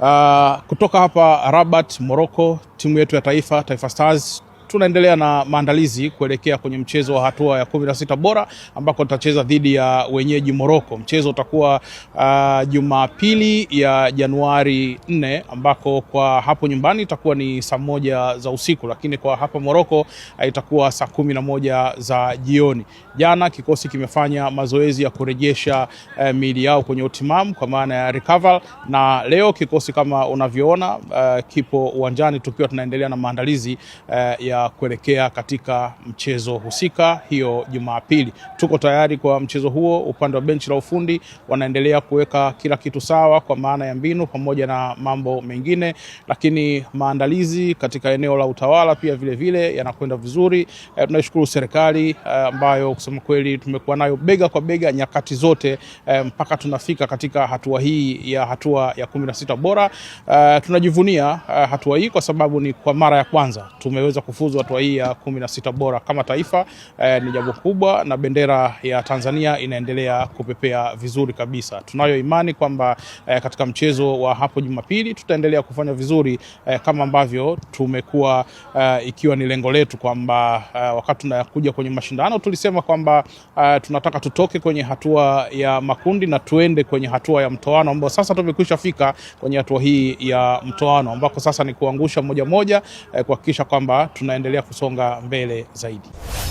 Uh, kutoka hapa Rabat Morocco, timu yetu ya taifa Taifa Stars tunaendelea na maandalizi kuelekea kwenye mchezo wa hatua ya kumi na sita bora ambako tutacheza dhidi ya wenyeji Morocco. Mchezo utakuwa uh, Jumapili ya Januari 4 ambako kwa hapo nyumbani itakuwa ni saa moja za usiku, lakini kwa hapa Morocco uh, itakuwa saa kumi na moja za jioni. Jana kikosi kimefanya mazoezi ya kurejesha uh, miili yao kwenye utimamu kwa maana ya recover, na leo kikosi kama unavyoona, uh, kipo uwanjani tukiwa tunaendelea na maandalizi uh, ya kuelekea katika mchezo husika hiyo Jumapili. Tuko tayari kwa mchezo huo. Upande wa benchi la ufundi wanaendelea kuweka kila kitu sawa kwa maana ya mbinu pamoja na mambo mengine, lakini maandalizi katika eneo la utawala pia vilevile yanakwenda vizuri. E, eh, tunashukuru serikali eh, ambayo e, kusema kweli tumekuwa nayo bega kwa bega nyakati zote e, mpaka tunafika katika hatua hii ya hatua ya kumi na sita bora. E, tunajivunia hatua hii kwa sababu ni kwa mara ya kwanza tumeweza kufuzu kufuzu hatua hii ya kumi na sita bora kama taifa eh, ni jambo kubwa, na bendera ya Tanzania inaendelea kupepea vizuri kabisa. Tunayo imani kwamba eh, katika mchezo wa hapo Jumapili tutaendelea kufanya vizuri eh, kama ambavyo tumekuwa eh, ikiwa ni lengo letu kwamba eh, wakati tunakuja kwenye mashindano tulisema kwamba eh, tunataka tutoke kwenye hatua ya makundi na tuende kwenye hatua ya mtoano ambao sasa tumekwisha fika kwenye hatua hii ya mtoano ambako sasa ni kuangusha moja moja eh, kuhakikisha kwamba tuna tunaendelea kusonga mbele zaidi.